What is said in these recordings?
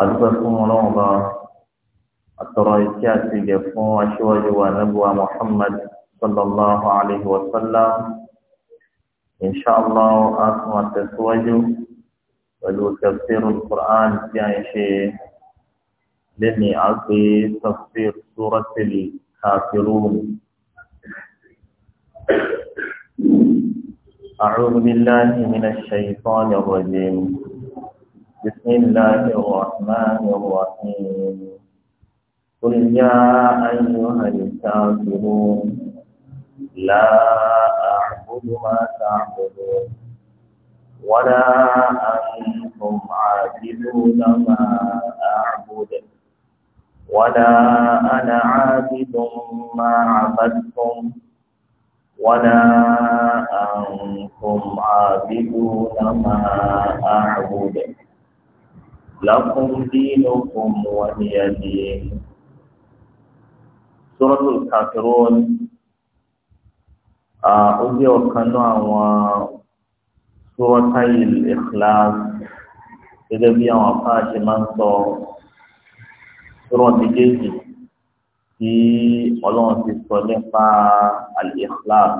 adúgbò fún ọlọ́run bá àtọ̀rọ̀ ìṣe àti ìgẹ̀ fún aṣíwájú wa nàbùwà muhammad sallallahu alayhi wa sallam inshàlá a tún àtẹ̀síwájú pẹ̀lú tafsiru quran tí a ń ṣe lẹ́ni àgbé tafsir súrọ́tìlì kafirun. أعوذ بالله من الشيطان الرجيم بسم الله الرحمن الرحيم قل يا أيها الكافرون لا أعبد ما تعبدون ولا أنتم عابدون ما أعبد ولا أنا عابد ما عبدتم ولا أنتم عابدون ما أعبد لكم دينكم ولي دين سورة الكافرون أودي وكانوا سورة الإخلاص إذا بيا وفاش منصور سورة الجيش tí ọlọ́run ti sọ nípa al-ikhlas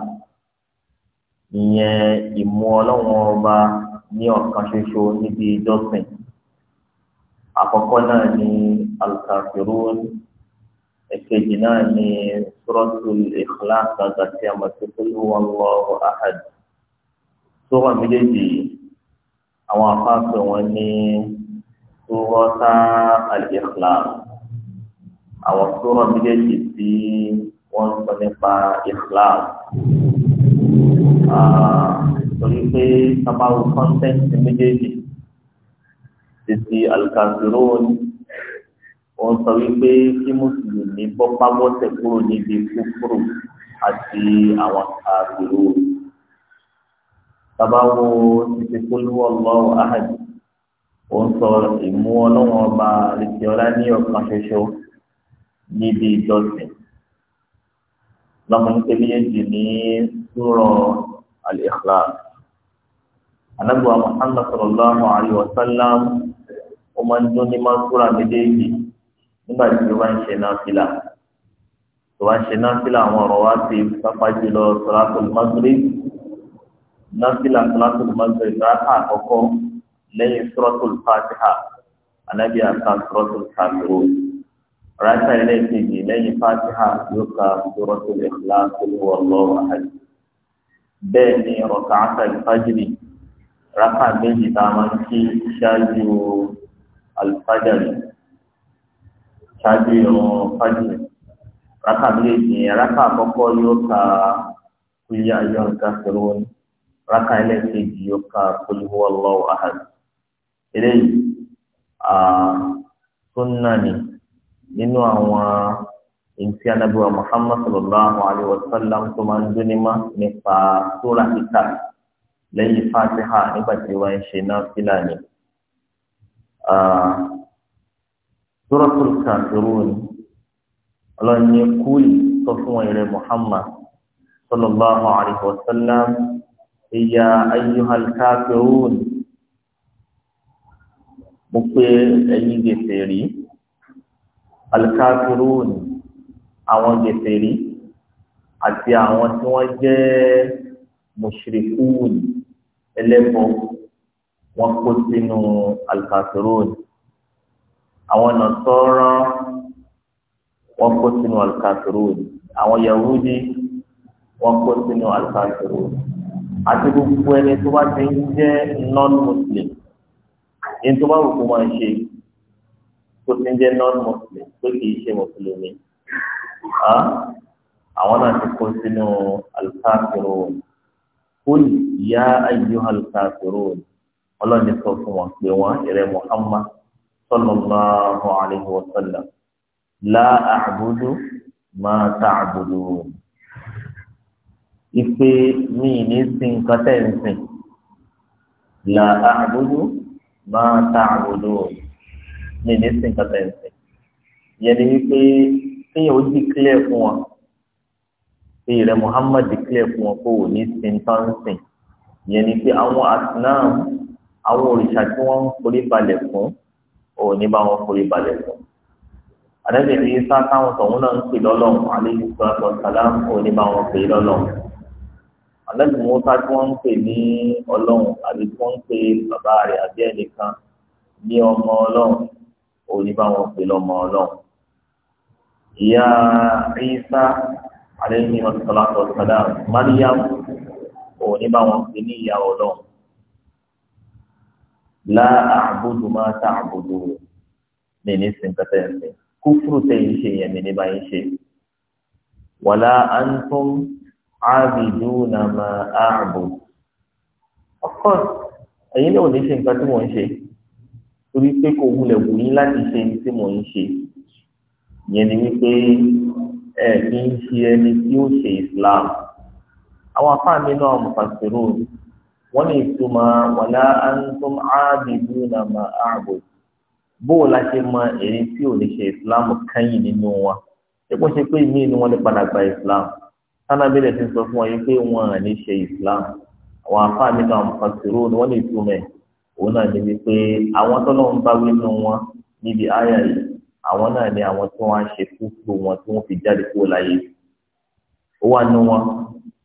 ìyẹn ìmú ọlọ́run ọba ní ọ̀kan ṣoṣo níbi ìjọsìn àkọ́kọ́ náà ni alkafirun èkejì náà ni suratul ikhlas àti amatukulu wallahu ahad sura méjèèjì àwọn afáàfẹ wọn ní surata al-ikhlas àwọn sura méjèèjì tí wọn sọ nípa ikhlas torí pé sábàwò kọ́ńtẹ́ǹtì méjèèjì títí alkafirun wọ́n sọ wípé kí mùsùlùmí bọ́ pábọ́tẹ̀ kúrò níbi kúkúrò àti àwọn kafirun tabawo títí kúlúwọ̀ lọ́wọ́ ahad wọ́n sọ ìmú ọlọ́wọ́n ọba àrètí ní ọ̀kan ṣoṣo níbi ìjọsìn lọ́mọdé méjèèjì ní súrọ̀ al-Ikhlas. anábùwà Muhammad sallallahu alayhi wa sallam ó máa ń dún ní máa ń kúra méjèèjì nígbà tí ó bá ń ṣe náfìlà tó bá ń ṣe náfìlà àwọn ọ̀rọ̀ wá sí pápá jùlọ sọ̀rọ̀tòlù magre náfìlà sọ̀rọ̀tòlù magre rákà àkọ́kọ́ lẹ́yìn sọ̀rọ̀tòlù fatiha anábì àká sọ̀rọ̀tòlù kàmírò rákà ẹlẹ́ẹ̀kejì lẹ́yìn fatiha yóò ka sọ̀rọ̀tòlù ikhlas wallahu ahad bẹ́ẹ̀ ni rọ̀kà àtàlù fájìrì rákà méjì tá a máa ń kí ṣáájú alùpàdánù ṣáájú ìrún fájì rákà méjì yẹn rákà àkọ́kọ́ yóò ka kúlí ayọ̀ nǹkan fẹ́rẹ́ wọn rákà ẹlẹ́ẹ̀kejì yóò ka kúlí huwallahu ahad eléyìí sunna ni nínú àwọn ìntí anábíwá muhammad sallallahu alayhi wa sallam tó máa ń dúnímọ̀ nípa sóra kíkà lẹ́yìn fatiha nígbà tí wọ́n ń ṣe náà fílà suratul kafirun ọlọ́ni kúlì sọ fún ẹ̀rẹ̀ muhammad sallallahu alayhi wa sallam ìyá ayyuhal kafirun mo pé ẹ̀yin gbèsè rí alkafirun àwọn gbèsè rí àti àwọn tí wọ́n jẹ́ mushrikun ẹlẹ́bọ̀ọ́ wọ́n kó sínú alkafirun àwọn nọ̀sọ́rọ́ wọ́n kó sínú alkafirun àwọn yahudi wọ́n kó sínú alkafirun àti gbogbo ẹni tó bá ti ń jẹ́ non-muslim ní tó bá wù kó ṣe tó ti ń jẹ́ non-muslim tó kì í ṣe mùsùlùmí àwọn náà ti kó sínú alkafirun kúlì yá ayyuhal kafirun ọlọ́ni sọ fún wọn pé wọn ìrẹ́ Muhammad sallallahu alaihi wa sallam la a'budu ma ta'budu ìpè mi ní sin nǹkan tẹ̀ ń sìn la a'budu ma ta'budu mi ní sin nǹkan tẹ̀ ń sìn ìyẹn ni wípé kéèyàn ó di clear fún wọn pé ìrẹ́ Muhammad di clear fún wọn kó o ní sin tán sìn ìyẹn ni pé àwọn asináàmù àwọn òrìṣà tí wọ́n ń forí balẹ̀ fún òun ní bá wọn forí balẹ̀ fún àdébìnrin yìí sá táwọn tọ̀hún náà ń pè lọ́lọ́run àlejò sọ́kọ̀ sàlám òun ní bá wọn pè lọ́lọ́run àlejò mọ́tà tí wọ́n ń pè ní ọlọ́run àbí tí wọ́n ń pè bàbá rẹ̀ àbí ẹnìkan ní ọmọ ọlọ́run òun ní bá wọn pè lọ́mọ ọlọ́run ìyá Ìsá àlejò sọ́kọ̀ sàlám Mariam òun ní bá wọn pè ní ìyá ọlọ́run la àbùdù máa ta àbùdù mi ní sìnkẹtẹ ẹsẹ kúfúrú tẹyìn ṣe yẹn mi ní báyìí ṣe wàlá antum àbìdù na máa àbù of course ẹ̀yin náà ò ní ṣe nǹkan tí mò ń ṣe torí pé kò wulẹ̀ wù yín láti ṣe tí mò ń ṣe yẹn ni wípé ẹ kì í ṣe ẹni tí ó ṣe Islam àwọn afáàmì náà mufasirun wọ́n ní ìtumọ̀ wàlá antum ábìdú na mà áàbò bó o la ṣe mọ èyí tí ò ní ṣe ìsìláàmù kẹ́yìn nínú wa ẹ̀kọ́ ṣe pé ìmí ni wọ́n lè padà gba ìsìláàmù sánábìlẹ̀ ti sọ fún wa yìí pé wọ́n à ní ṣe ìsìláàmù àwọn afáà mi náà nǹkan ṣòro ni wọ́n ní ìtumọ̀ ẹ̀ òun náà níbi pé àwọn tó lọ́n bá wí nínú wọn níbi àyà yìí àwọn náà ni àwọn tó wá ń ṣe kúkú wọn tí wọ́n fi jáde kúrò láyé ó wà nínú wọn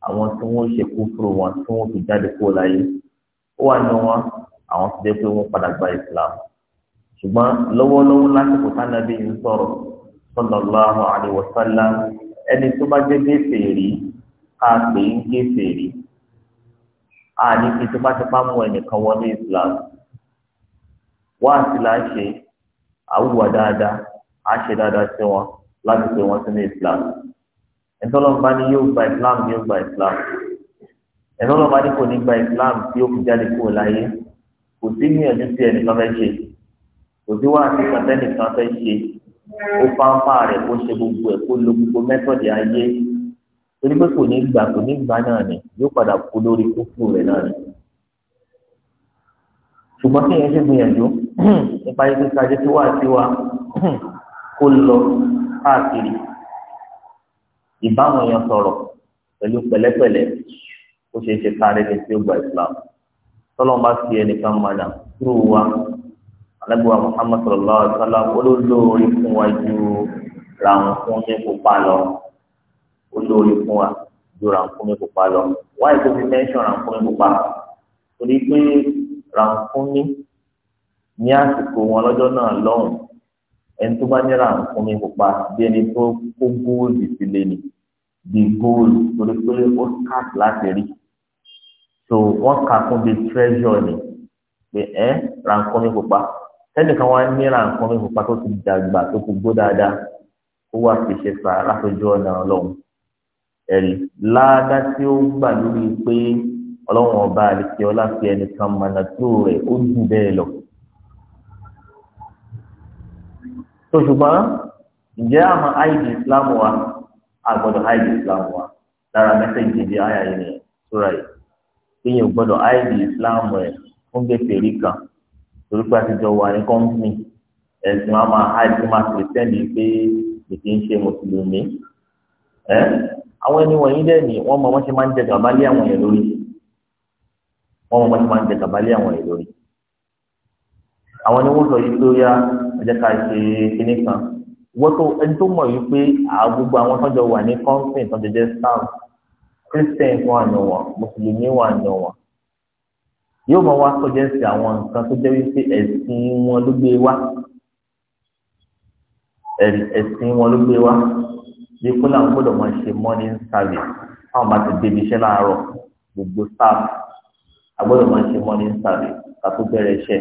àwọn tí wọ́n ṣe kúfúrú wọn tí wọ́n fi jáde kúrò láyé ó wà ní wọn àwọn ti jẹ́ pé wọ́n padà gba islam ṣùgbọ́n lọ́wọ́lọ́wọ́ lásìkò tánàbí ń sọ̀rọ̀ sallallahu alaihi wasallam ẹni tó bá jẹ́ gẹ́fẹ̀ẹ́rì ká pè ń gẹ́fẹ̀ẹ́rì a ní fi tipátipá mú ẹnìkan wọlé islam wá sí la ṣe àwùwà dáadáa a ṣe dáadáa sí wọn láti pè wọn sínú islam ẹ̀ńtọ́lọ́mọba ni yóò gba Islam yóò gba Islam ẹ̀ńtọ́lọ́mọba ni kò ní gba Islam tí ó fi jáde kúrò láyé kò sí gbìyànjú tí ẹnìkan fẹ́ ṣe kò sí wáhásí kàtẹ́nìkan fẹ́ ṣe ó fáńfà rẹ̀ kó ṣe gbogbo ẹ̀ kó lo gbogbo mẹ́tọ̀dì ayé torí pé kò ní gbà kò ní gbà náà ni yóò padà kú lórí kókó rẹ̀ náà ni. ṣùgbọ́n kí ẹ̀yẹ́ ṣe gbìyànjú nípa ikú kájé tí wàá tí wa kó lọ káàkiri ìbáwọn èèyàn sọ̀rọ̀ pẹ̀lú pẹ̀lẹ́pẹ̀lẹ́ ó ṣeé ṣe kárí ní tí ó gba islam tọ́lọ́mù bá fi ẹnìkan mọ̀nà kúrò wa alágbèwà muhammad sallallahu alaihi wa sallam olólórí fún wa ju ràǹfún ní pupa lọ olórí fún wa ju ràǹfún ní pupa lọ wáyé tó fi tẹ́ńṣọ̀n ràǹfún ní pupa torí pé ràǹfún ní ní àsìkò wọn lọ́jọ́ náà lọ́hùn ẹni tó bá nira nǹkan mi pupa bí ẹni tó kó góòlù sílé ni bí góòlù torí pé ó kàt láti rí so wọ́n kà fún bíi treasure ni pé ẹ ra nǹkan mi pupa ẹnìkan wá nira nǹkan mi pupa tó ti dàgbà tó ti gbó dáadáa ó wà fi ṣe fà látọjú ọ̀nà ọlọ́run ẹ̀rí láàdá tí ó gbà lórí pé ọlọ́run ọba àlèkè ọlá fi ẹnìkan mọ̀nà tó rẹ̀ ó jù bẹ́ẹ̀ lọ. tó ṣùgbọ́n ǹjẹ́ àmọ́ àìdí islam wa àgbọ̀dọ̀ àìdí islam wa lára mẹ́sẹ̀gì di àyà yìí nìyẹn sóra yìí kéèyàn gbọ́dọ̀ àìdí islam rẹ̀ fún gbèsèrí kan wa àìdí máa pé ń ṣe mùsùlùmí ẹ́ àwọn ẹni wọ̀nyí dẹ́ ni wọ́n mọ wọ́n ṣe máa ń jẹ gàbálẹ́ ẹjẹ́ ká ṣe kinní kan wọ́n tó ẹni tó mọ̀ wípé àgbogbo àwọn tọ́jọ wà ní kọ́ńpìn tọ́jọ jẹ́ staff christian wà nù wọn mùsùlùmí wà nù wọn yóò máa wá sọjẹ́ sí àwọn nǹkan tó jẹ́ wípé ẹ̀sìn wọn ló gbé wá ẹ̀sìn wọn ló gbé wá bí kó làwọn gbọ́dọ̀ máa ṣe morning service táwọn bá ti débi iṣẹ́ láàárọ̀ gbogbo staff a gbọ́dọ̀ máa ṣe morning service ká bẹ̀rẹ̀ iṣẹ́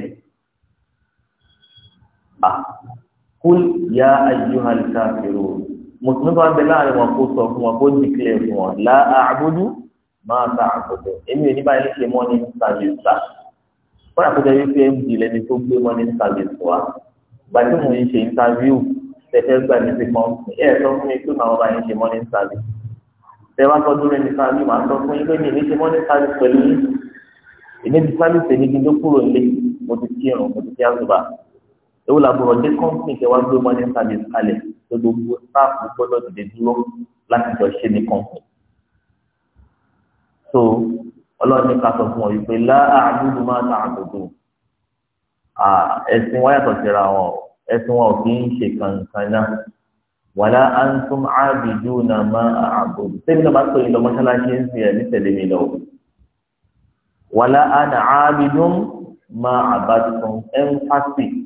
kúl yá ayyuhal kafirun mùsùlùmí bá ń bẹ láàrin wọn kó sọ fún wọn kó dìklẹ̀ fún wọn la a'budu ma ta'budun èmi ò ní báyìí ṣe mọ́ ní sàlùsà wọn àkójọ yìí fi md lẹni tó gbé mọ́ ní sàlùsà wa gbàtí mo ń ṣe interview tẹ̀tẹ̀ gba ní ti kàn fún ẹ̀ sọ fún mi pé màá bá yín ṣe mọ́ ní sàlùsà tẹ bá sọ dúró ní sàlùsà màá sọ fún yín mi ní ṣe mọ́ ní sàlùsà pẹ̀lú yín èmi ti sàlùsà ní kí n tó kúrò mo ti kírun mo ti kí ewu làbúrò dé kọ́ńtì kẹwà gbé mọ́ni service kalẹ̀ tó gbogbo sáàpù gbọ́dọ̀ dìde dúró láti jọ ṣe ní kọ́ńtì. so ọlọ́run ní ká sọ fún ọ yìí pé láàbùdù máa ta àbùdù ẹ̀sìn wa yàtọ̀ síra wọn ẹ̀sìn wa ò kì í ṣe kankan náà wàlá antum ábìdú na má àbùdù sẹ́mi náà bá pè é lọ mọ́ṣáláṣí ń sìn ẹ̀ ní tẹ̀lé mi lọ wàlá àná ábìdú má àbàdùn emphasis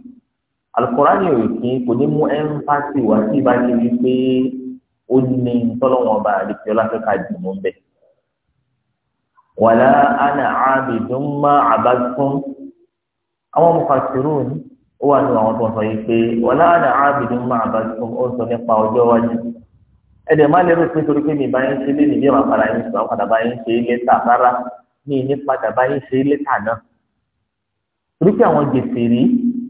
alukurani ò kí kò ní mú ẹnfàsì wá sí ibà ní wípé ó ní tọ́lọ́wọ́n ọba àdìsí ọlọ́fẹ́ká dùnmọ́ ń bẹ̀. wàlá àna àbìdún má àbádùn àwọn mufasirun ó wà nínú àwọn tó ń sọ yìí pé wàlá àna àbìdún má àbádùn ó ń sọ nípa ọjọ́ wájú. ẹ̀dẹ̀ má lérò pé torí pé mi bá yín ṣe lé nìyí àwọn padà yín sọ àwọn padà bá yín ṣe lẹ́tà rárá ní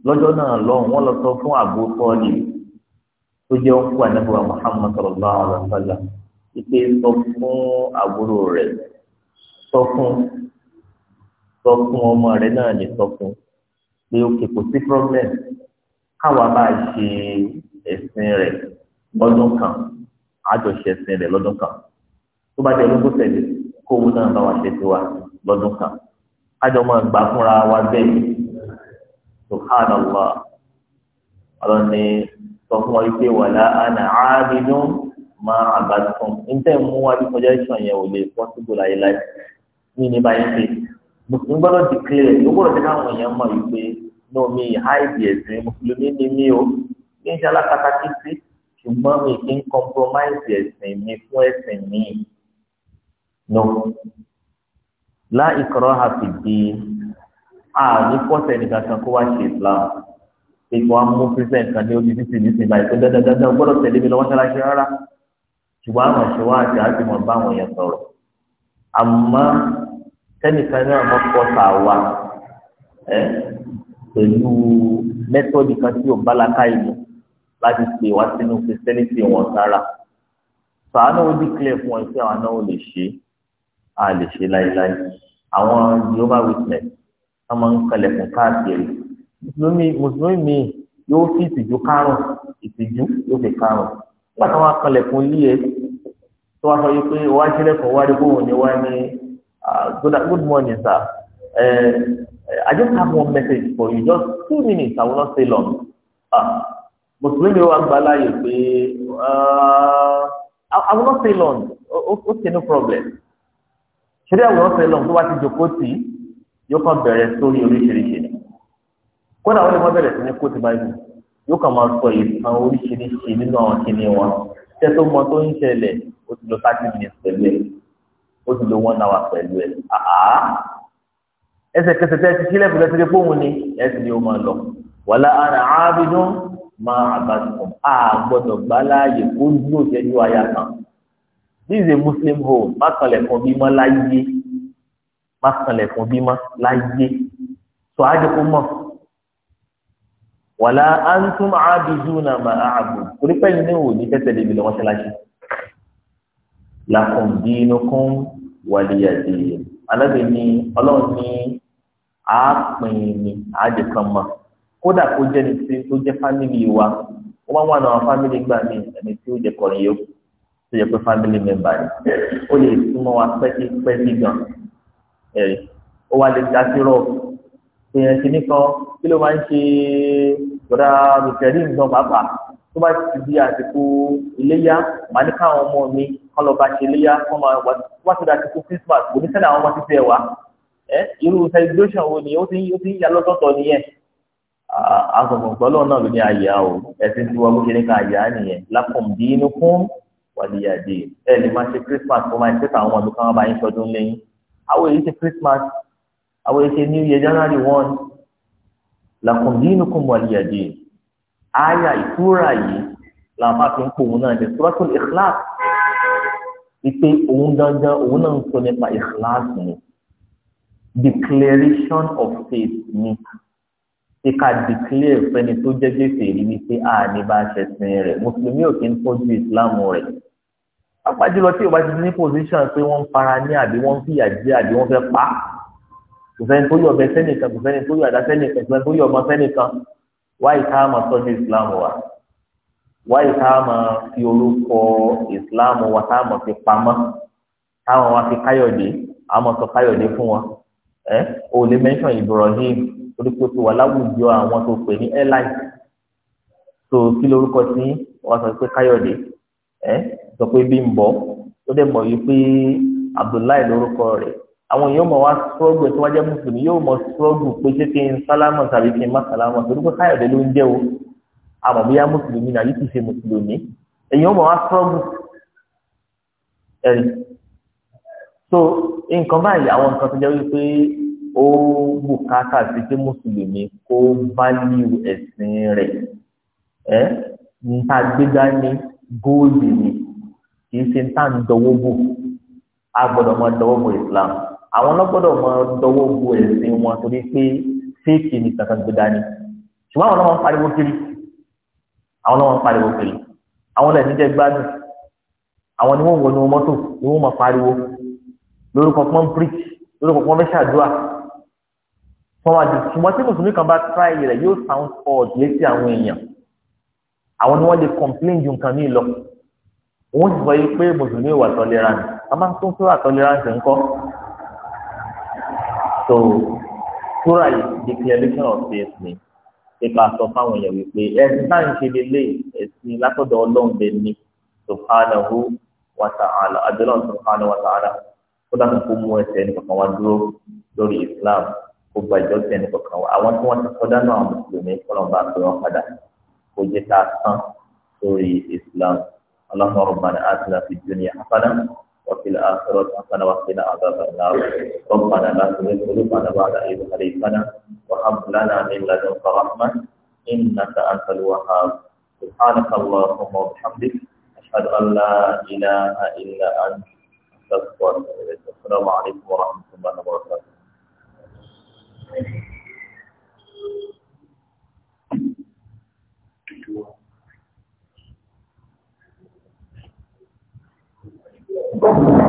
lọ́jọ́ náà lọ́hùn wọ́n lọ sọ fún Abu Talib tó jẹ́ òkú ànábìwá Muhammad sallallahu alaihi wa sallam ìpè sọ fún àbúrò rẹ̀ sọ fún sọ fún ọmọ rẹ̀ náà lè sọ fún pé ó kè kò sí problem káwa bá ṣe ẹ̀sìn rẹ̀ lọ́dún kan àjọṣe ẹ̀sìn rẹ̀ lọ́dún kan tó bá jẹ́ olóńgbò tẹ̀lé kóhun náà bá wa ṣe tiwa lọ́dún kan àjọ máa gbà fúnra wa bẹ́ẹ̀ subhanallah ọlọ́run ní sọ fún wa wípé wàlá àná ábínú máa àbátún níta mú wa bí kọjá ìṣàn yẹn ò lè pọ́sibú láéláé ní ní báyìí pé mùsùlùmí gbọ́dọ̀ ti kílẹ̀ ó gbọ́dọ̀ ti káwọn èèyàn mọ̀ wípé náà mi háìdì ẹ̀sìn mùsùlùmí ni mí o kí n ṣe alákatakí sí ṣùgbọ́n mi kì í compromise ẹ̀sìn mi fún ẹ̀sìn mi no la ikraha fi àní ah, kọ́sẹ̀ nìkan kan kó wá ṣe islam ipò amú christian kan ní ojú títì nísìnyí báyìí tó dandan dandan gbọ́dọ̀ tẹ̀lé mi lọ́wọ́ sára ṣe rárá ṣùgbọ́n àwọn ṣe wá àti àti mọ̀ bá àwọn èèyàn sọ̀rọ̀ àmọ́ sẹ́nìkan náà mọ̀ kọ́sà wa ẹ́ pẹ̀lú mẹ́tọ́dì kan tí ò bá la káyìí mu láti pè wá sínú christianity wọn sára sàánà ó declare fún ẹ pé àwọn náà ò lè ṣe é a lè ṣe láéláé àwọn Jehovah witness wọn máa ń káàkiri mùsùlùmí mùsùlùmí mi yóò fi ìtìjú kárùn ìtìjú yóò fi kárùn nígbà tí wọn kalẹ̀kùn lé tó wá sọ yìí pé wọ́n á ṣílẹ̀kùn wá rí bóun ni wọ́n ní good morning sir uh, I just have one message for you just two minutes I will not stay long ah mùsùlùmí wa gba láàyè pé I will not stay long okay no problem ṣé dí I will not stay long tó wá ti jòkó tì í yóò kàn bẹ̀rẹ̀ sórí oríṣiríṣi ni kódà wọn lè má bẹ̀rẹ̀ sí ní kóòtù báyìí yóò kàn máa sọ ìtàn oríṣiríṣi nínú àwọn kìnìún wọn tẹ tó mọ tó ń ṣẹlẹ̀ ó ti lọ thirty minutes pẹ̀lú ẹ̀ ó ti lọ one hour pẹ̀lú ẹ̀ àá ẹsẹ̀kẹsẹ̀ tẹ ti sílẹ̀ fúnlẹ̀ sílẹ̀ fóun ni ẹ sì ni ó máa lọ wàlá ara ábídún máa àbáṣepọ̀ á gbọ́dọ̀ gbá láàyè kó yóò jẹ́jú aya kan this is Muslim home má kan bí mọ́ láyé má kanlẹ̀ fún bímọ láyé sọ àjẹ kó mọ̀ wàlá antum abiduna ma àbò torí pẹ́ẹ́lí ní òní tẹ́tẹ́ lébi lọ́wọ́ ṣẹláṣí lakum dinukum waliyadi alábẹ́ni ọlọ́run ní àápìn ní àjẹ kan mọ̀ kódà kó jẹ́ ní ti tó jẹ́ fámìlì wa wọ́n máa ń wà náà fámìlì gbà mí ẹni tí ó jẹ kọrin tó yẹ pé family member ni ó lè súnmọ́ wa pẹ́kípẹ́kí gan ẹ̀rí ó wá lè dá sí rọ èèyàn kìíní kan kí ló máa ń ṣe gbọ́dá rìkẹrí nǹkan pàápàá tó bá ti di àsìkò iléyá màá ní káwọn ọmọ mi kán lọ bá ṣe iléyá kán máa wá wá sí àsìkò Christmas kò ní ṣẹlẹ̀ àwọn ọmọ títí ẹ wá ẹ irú celebration wo ni ó ti ó ti ń ya lọ́tọ̀ọ̀tọ̀ nìyẹn àgbọ̀ngbọ̀n lọ́wọ́ náà ló ní àyà o ẹ̀sìn tiwa bó ṣe ní ká àyà nìyẹn lákùn dín inú fún wàlíyàdé ẹ lè máa ṣe Christmas kó máa ṣe káwọn ọmọ mi kán àwọn èyí ṣe Christmas àwọn èyí ṣe New Year January one lakum dinukum waliya din Aya ìtura yìí làwọn máa fi ń pò òun náà ní Suratul Ikhlas ìpè òun gangan òun náà ń sọ nípa Ikhlas ni declaration of faith ni ṣé declare fẹ́ni tó jẹ́ gbèsè rí wípé a ní bá ṣe sin rẹ̀ mùsùlùmí ò kí ń tọ́jú ìsìlámù rẹ̀ pàápàá jùlọ tí o bá ti ní pòsíṣàn pé wọ́n ń fara ní àbí wọ́n ń fìyà jẹ àbí wọ́n fẹ́ pa kò fẹ́ni tó yọ ọbẹ̀ sẹ́nìkan kò fẹ́ni tó yọ àdá sẹ́nìkan kò fẹ́ni tó yọ ọmọ sẹ́nìkan wáyé ká máa Islam wa wáyé ká máa fi orúkọ Islam wa ká máa fi pamọ́ táwọn wa fi káyọ̀dé àmọ́ sọ káyọ̀dé fún wọn ẹ o lè mẹ́sàn Ibrahim torí pé o ti wà láwùjọ àwọn tó pè ní airline so kí lorúkọ sí wọn sọ pé káyọ̀dé ẹ sọ pé bí ń bọ̀ ó dẹ̀ mọ̀ yìí pé Abdullahi lórúkọ rẹ̀ àwọn yóò mọ̀ wá sọ́ọ̀gù tí wọ́n jẹ́ mùsùlùmí yóò mọ̀ sọ́ọ̀gù pé ṣé kí n sálámà tàbí kí n má sálámà torí pé káyọ̀dé ló ń jẹ́ o àmọ́ bóyá mùsùlùmí náà yìí kì í ṣe mùsùlùmí èyí ó mọ̀ wá sọ́ọ̀gù ẹ̀rí so nǹkan báyìí àwọn nǹkan tó jẹ́ wípé ó bùkátà sí pé mùsùlùmí kó bá ní ẹ̀sìn rẹ̀ ẹ̀ ń gbégbá ní góòlù ni kì í ṣe ń tàn dọwọ́ bò a gbọ́dọ̀ máa dọwọ́ bò islam àwọn náà gbọ́dọ̀ máa dọwọ́ bò ẹ̀sìn wọn torí pé fíìkì ní kankan tó dání ṣùgbọ́n àwọn náà wọ́n pariwo kiri àwọn náà wọ́n pariwo kiri àwọn náà níjẹ́ gbádùn àwọn ni wọ́n wọ ní mọ́tò ni wọ́n máa pariwo lórúkọ pọ́n bíríkì lórúkọ pọ́n mẹ́ṣàdúrà fún wa dùn ṣùgbọ́n tí mùsùlùmí kan bá tíráì rẹ̀ yóò sound odd létí àwọn èèyàn àwọn ni wọ́n lè complain ju nǹkan míì lọ wọ́n sì sọ yìí pé mùsùlùmí wà tolerant a máa ń tún sóra tolerance ńkọ́ so sóra yìí declaration of faith ni pípa sọ fáwọn èèyàn wípé ẹ̀sìn náà ń ṣe lélẹ̀ ẹ̀sìn látọ̀dọ̀ ọlọ́ọ̀bẹ ni subhanahu wa ta'ala adúlọ̀ subhanahu wa ta'ala ó dàbí kó mú ẹsẹ̀ ẹnìkọ̀kan wá dúró lórí Islam kó gba ìjọ́sìn ẹnìkọ̀kan wá àwọn tí wọ́n ti kọjá náà mùsùlùmí kọ́nà bá pè wọ́n padà kó jẹ́ ká tán sórí islam اللهم ربنا آتنا في الدنيا حسنة وفي الآخرة حسنة وقنا عذاب النار ربنا لا تزغ قلوبنا بعد إذ هديتنا وهب لنا من لدنك رحمة إنك أنت الوهاب سبحانك اللهم وبحمدك أشهد أن لا إله إلا أنت أستغفرك السلام عليكم ورحمة الله وبركاته jùlọ. Thank you.